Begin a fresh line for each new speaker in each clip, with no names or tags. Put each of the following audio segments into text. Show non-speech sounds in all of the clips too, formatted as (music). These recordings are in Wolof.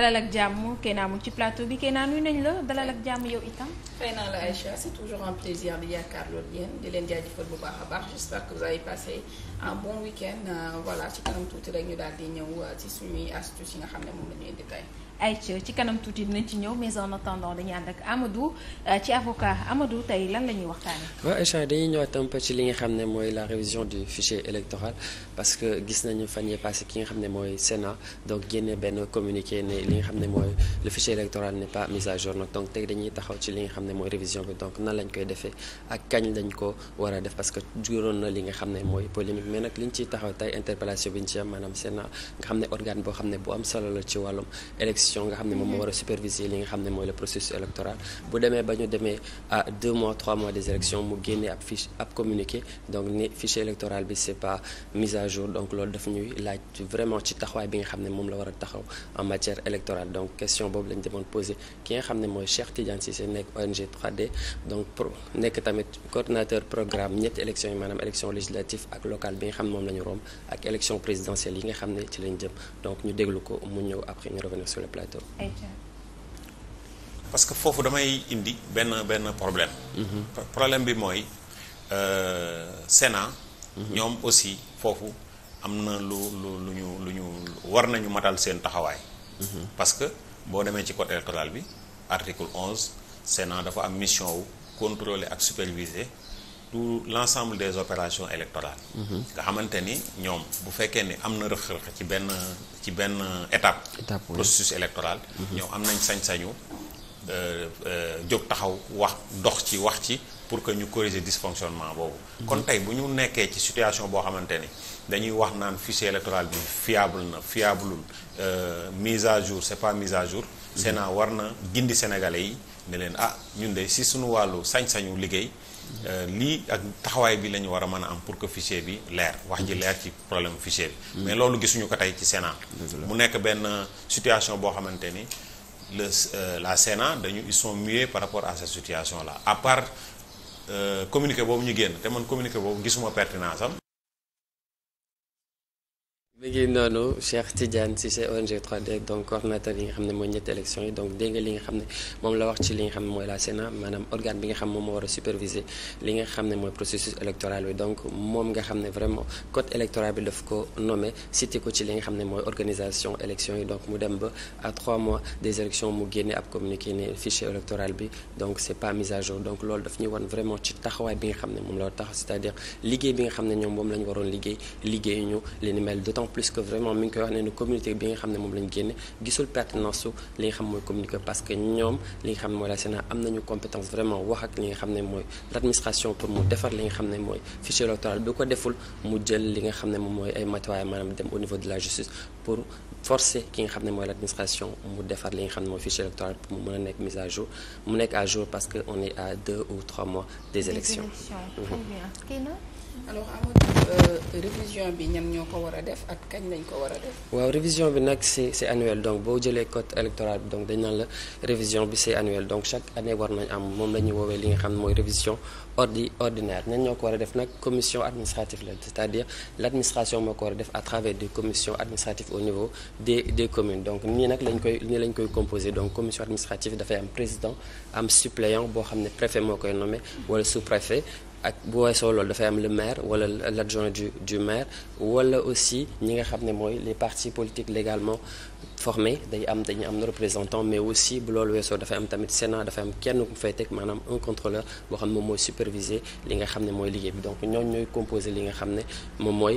dalal ak jàmm Keynaa mu ci plateau bi Keynaa nuyu nañ la dalal ak jàmm yow itam. fay naa la Aïcha c'est toujours un plaisir di yaakaarloo ak yéen di leen jaajëfal bu baax a baax j'espère que vous avez passé un bon week-end euh, ci kanam tuuti rek ñu daal di ñëw euh, ci suñuy astuces yi nga xam ne moom la ñuy indi tey ayca ci kanam tuuti dinañ ci ñëw mais en attendant dañuy ànd ak Amadou euh, ci avocat Amadou tey lan la ñuy waxtaanee. waaw Aïcha dañuy ñëwaat un ci li nga xam ne mooy la révision du fichier électoral parce que gis nañu fan yii passé ki nga xam ne mooy Sénat donc génne benn communiqué ne li nga xam ne mooy le fichier électoral n'est pas mis à jour nag donc tey dañuy taxaw ci li nga xam ne mooy révision bi donc nan lañ koy defee ak kañ lañ ko war a def parce que juróon na li nga xam ne mooy polémique mais nag liñ ciy taxaw tey interpellation bi ñu ci am maanaam Sénat xam ne organe boo xam ne bu am solo la ci wàllum élection commission nga xam ne moom moo war a superviser li nga xam ne mooy le processus électoral bu demee ba ñu demee à deux mois trois mois des élections mu génnee ab fiche ab communiqué donc ni fichier électoral bi taxawaay bi nga xam ne moom la war a taxaw en matière électorale donc question boobu lañ demoon posé ki nga xam ne mooy Cheikh Tidiane Cissé nekk ONG 3D donc pro nekk tamit coordinateur programme ñetti élections yi maanaam élection législative ak locale bi nga xam ne moom la ñu ak élection plateau.
que foofu damay indi benn benn problème. Mhm. problème bi mooy euh, Sénat. Mhm. ñoom aussi foofu am na lu lu lu ñu lu ñu war nañu matal seen taxawaay. Mhm. parce que boo demee ci code électoral bi article onze Sénat dafa am mission wu contrôler ak superviser. tout l'ensemble des opérations électorales nga xamante ni ñoom bu fekkee ni am na rëq-rëq ci benn ci benn étape processus électoral mhm. ñoom am nañ sañ-sañu euh, euh, jóg taxaw wax dox ci wax ci pour que ñu corriger dysfonctionnement boobu mhm. kon tey bu ñu nekkee ci situation boo xamante ni dañuy wax naan fichier électoral bi fiable na fiableul euh, mise à jour c'est pas mise à jour mhm. Sénat war na gindi sénégalais yi ne leen ah ñun de si suñu wàllu sañ-sañu liggéey Euh, lii ak taxawaay bi la ñu war a mën a am pour que fichier bi leer wax ji leer ci problème fichier bi mm-hmm. mais loolu gisuñu ko tey ci Sénat mu nekk benn situation boo xamante ni le euh, la Sénat dañu ils sont muets par rapport à cette situation là à part euh, communiqué boobu ñu génn te man communiqué boobu gisuma pertinence am
mi ngi noonu Cheikh Tidiane Cissé nga xam li nga xam ne moom la wax ci li nga xam nga xam moom moo war a superviser li nga xam ne mooy processus électoral bi donc moom nga xam ne vraiment code électoral bi daf ko nommé cité ko ci li nga xam ne mooy organisation élection yi donc mu dem ba à trois mois des élections mu génne ab communiqué ne fichier électoral bi donc c'est pas mis à jour donc loolu daf bi nga xam ne moom la war taxaw c'est-à-dire liggéey ne ñoom moom la ñu waroon liggéey liggéey ñu li ni mel plus que vraiment mi ngi koy wax ne communauté bi nga xam ne moom la ñu génne gisul pertinence li nga xam mooy communiqué parce que ñoom li nga xam ne mooy la Sénat am nañu compétence vraiment wax ak li nga xam ne mooy l'administration pour mu defar li nga xam ne mooy fichier électoral bi ko deful mu jël li nga xam ne moom mooy ay matuwaay maanaam dem au niveau de la justice pour forcer ki nga xam ne mooy la l'administration mu defar li nga xam ne mooy fichier électoral pour mu a nekk mise à mu nekk à jour parce que on est à deux ou alors Amadou euh, révision bi ñan ñoo ko war a def ak kañ lañ ko war a def. waaw révision bi nag c'est c'est annuel donc boo jëlee code électoral bi donc dañ la révision bi c'est annuel donc chaque année war nañ am moom la ñuy woowee li nga ne mooy révision ordi ordinaire ñoo ko war a nag commission administrative la c'est-à-dire l'administration moo à travers des commissions administratives au niveau des des communes donc nag lañ koy nii lañ koy composé donc commission administrative dafay am président am suppléant boo xam ne préfet moo koy nommé wala sous-préfet. ak bu weesoo loolu dafay am le maire wala l'adjoint du du maire wala aussi ñi nga xam ne mooy les partis politiques légalement formés day am dañu am na représentant mais aussi bu loolu weesoo dafay am tamit Sénat dafay am kenn ku fay teg maanaam un contrôleur boo xam ne moom mooy superviser li nga xam ne mooy liggéey bi donc ñooñu ñooy composé li nga xam ne moom mooy.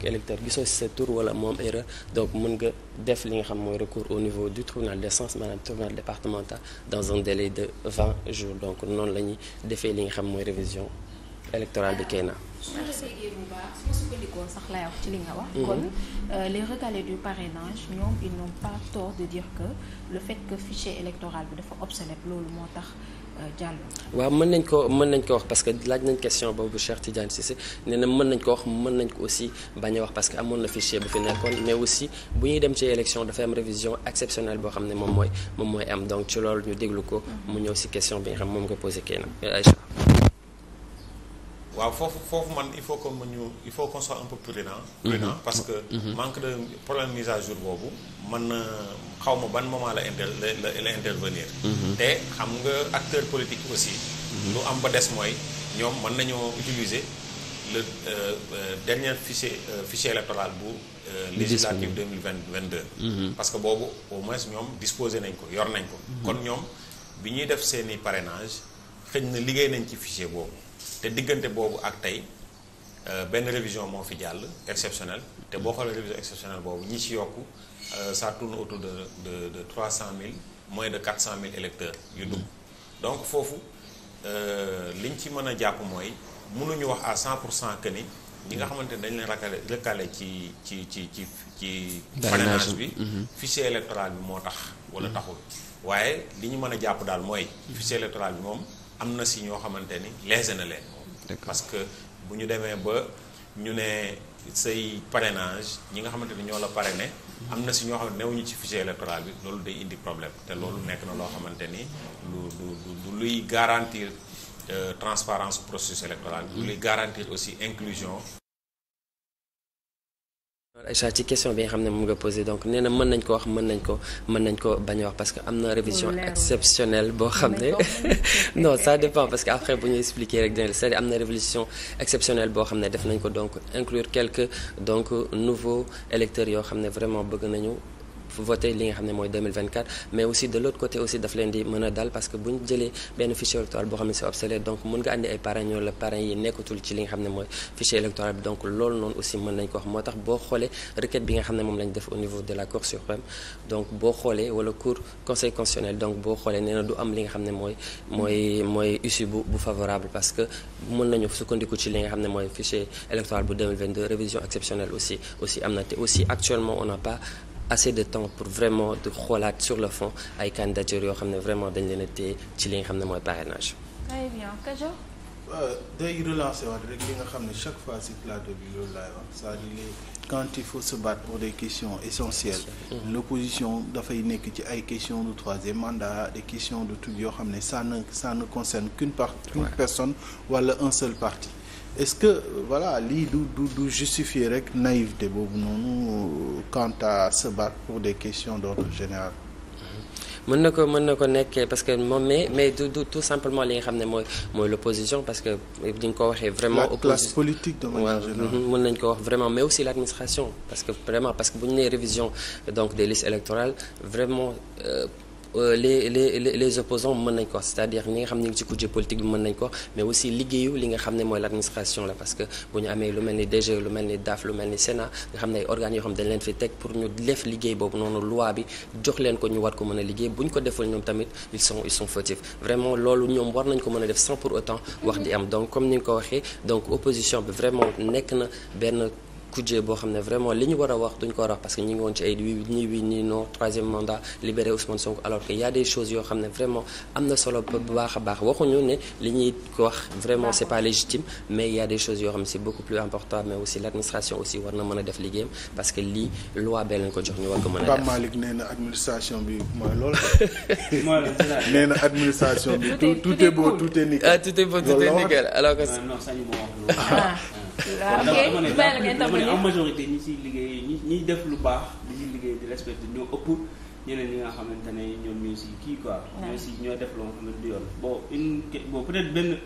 que électeur gisoo si sa tur wala moom erreur donc mën nga def li nga xam mooy recours au niveau du tribunal d'instance maanaam tribunal départemental dans un délai de jours donc noonu la defee li nga xam mooy révision électorale bi Kéna. merci sukkandikoon sax mhm. euh, du parrainage ñoom ils n'ont pas tort de dire que le fait que fichier électoral bi dafa obsolète loolu moo tax. Diallo. waaw mën nañ ko mën nañ ko wax parce que laaj nañ question boobu Cheikh Tidiane Cissé nee na mën nañ ko wax mën nañ ko aussi bañ a wax parce que amoon na fichier bu fi nekkoon mais aussi bu ñuy dem ci élection dafa am révision exceptionnelle boo xam ne moom mooy moom mooy am donc ci loolu ñu déglu ko mu ñëw si question bi nga xam moom nga posé kii nag
waaw foofu foofu man il faut que ñu il faut qu'on soit un peu prudent. prudent mhm. parce que. Mhm. Mhm. manque de problème mise à jour boobu man na euh, xaw ma ban moment la inter la la intervenir. te xam nga acteur politique aussi. lu am ba des mooy ñoom mën nañoo utiliser le euh, euh, dernier fichier fichier électoral bu. législative 2022. parce que boobu au moins ñoom disposé nañ ko yor nañ ko. kon ñoom bi ñuy def seeni parrainage xëy na liggéey nañ ci fichier boobu. te diggante boobu ak tey euh, benn révision moo fi jàll exceptionnelle te boo xoolee révision exceptionnelle boobu ñi ci yokku euh, ça tourne autour de de de 300 000 moins de quatre cent 000 électeurs yu dugg donc foofu li euh, liñ ci mën a jàpp mooy mënuñu wax à cent pour cent que ni ñi nga xamante ne dañ leen rakale lëkkale ci ci ci ci ci parrainage bi mhm. fichier électoral bi moo tax wala mhm. taxul waaye li ñu mën a jàpp daal mooy mhm. fichier électoral bi moom am na si ñoo xamante ni lésé na leen parce que bu ñu demee ba ñu ne say parrainage ñi nga xamante ni ñoo la pare ne am na si ñoo xamante newuñu ci fichier électoral bi loolu day indi problème te loolu nekk na loo xamante ni lu lu luy garantir euh, transparence processus électoral bi luy garantir aussi inclusion
Aïcha ci question bi nga xam ne moom nga posé donc nee mën nañ ko wax mën nañ ko mën nañ ko bañ wax parce que am na révision exceptionnelle boo xam ne (laughs) non ça dépend parce que après bu ñu expliquer rek dina cest à am na révision exceptionnelle boo xam ne def nañ ko donc inclure quelques donc nouveaux électeurs yoo xam ne vraiment bëgg nañu voté li nga xam ne mooy 2024 mais aussi de l'autre côté aussi daf leen di mën a dal parce que bu ñu jëlee benn fichier électoral boo xam ne c'est obsolète donc mën nga andi ay parrain ñoo la parrain yi nekkatul ci li nga xam ne mooy fichier électoral bi donc loolu noonu aussi mën boo xoolee ne moom am li nga xam ne mooy mooy mooy issue bu bu parce que mën nañu sukkandiku ci li nga xam ne mooy fichier électoral bu 2022 révision exceptionnelle aussi aussi am na te aussi actuellement on n'a pas assez de temps pour vraiment di xoolaat sur le fond ay candidature yoo xam ne vraiment dañ leen a ci li xam ne mooy parrainage.
très bien Kajo. Euh, day relancer waat rek li nga xam ne chaque fois si plateau bi loolu laay wax c'est-à-dire quand il faut se battre pour des questions essentielles l'opposition dafay nekk ci ay questions de troisième mandat des questions de tout yoo xam ne ça ne ça ne concerne qu'une part une personne un seul parti est-ce que voilà lii du du du justifier rek naïveté boobu noonu quant à se battre pour des questions d'ordre général.
mën na ko mën na ko nekkee parce que moom mais mais du du tout simplement li nga xam ne mooy mooy l'opposition parce que di nga ko waxee vraiment. opposition la classe politique de manière générale mm-hmm. mën nañu ko wax vraiment mais aussi l'administration parce que vraiment parce que bu ñu nee révision donc des listes électorales vraiment. Euh, Euh, les les les opposants mën nañ ko wax c'est-à-dire ñi nga xam ne ñu ngi ci kujje politique bi mën nañ ko mais aussi liggéeyu li nga xam ne mooy l'administration la parce que bu ñu amee lu mel ni DG lu mel ni DAF lu mel ni Sénat nga xam ne ay organes yoo xam dañ leen fi teg pour ñu def liggéey boobu noonu loi bi jox leen ko ñu war ko mën a liggéey bu ñu ko deful ñoom tamit ils sont ils sont fautifs vraiment loolu ñoom war nañ ko mën a def sans pour autant wax di am donc comme ni waxee donc opposition bi vraiment nekk na benn kujje boo xam ne vraiment li ñu war a wax duñ ko war a wax parce que ñi ngi ci ay oui nii oui nii mandat libéré Ousmane Sonko alors que y a yoo xam ne vraiment am na solo bu baax a baax waxuñu ne li ñuy ko wax vraiment c'est pas légitime mais y a yoo xam ne c'est beaucoup plus important mais aussi l'administration aussi war na mën a def liggéeyam parce que lii loi bee ko jox ñu war ko mën a def. (laughs)
(laughs) ne en majorité ñi ciy liggéey ñi ñiy def lu baax di ci liggéey di respecté ñoo ëpp ñeneen ñi nga xamante ne ñoom ñoo si kii quoi. ñoo si ñoo def loo xam yoon. bon une bon peut être benn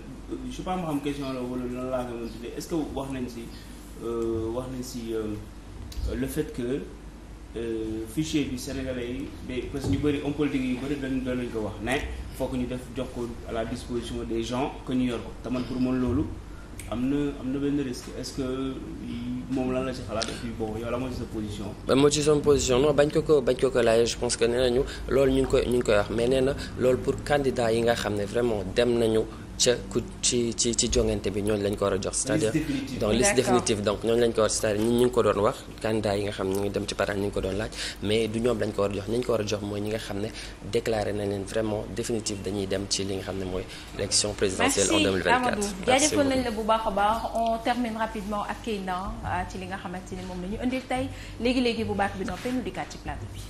je sais pas ma xam question la wala lan laa ko mën tuddee est ce wax nañ si euh, wax nañ si euh, le fait que euh, fichier bi sénégalais yi day parce que ñu bëri homme politique yu bëri dañ doon lañ ko wax ne fokk ñu def jox ko à la disposition des gens que ñu yor ko te man pour man loolu am na am na benn risque est moom lan la ci xalaat et puis bon yow la moo ci sa position.
moo ci son bañ ko ko bañ ko ko laajee que nee nañu loolu ñu ngi koy ñu ngi koy wax mais nee na loolu pour candidat yi nga xam ne vraiment dem nañu. ca ku ci ci ci jongante bi ñooñu lañ ko war a jox c'est-à-dire donc liste définitive donc ñooñu lañ ko war cest à ñu ngi ko doon wax candidat yi nga xam ne ñu ngi dem ci parrain ñu ngi ko doon laaj mais du ñoom lañ ko war a jox ñi ñu ko war a jox mooy ñi nga xam ne déclaré na leen vraiment définitive dañuy dem ci li nga xam ne mooy élection présidentielle en 2024 merci Amadou jaajëfal nañ la bu baax a baax on termine rapidement ak Keïna ah, ci li nga xamante ni moom la ñu léegi-léegi bu baax bi noppee ñu dikkaat ci plateau bi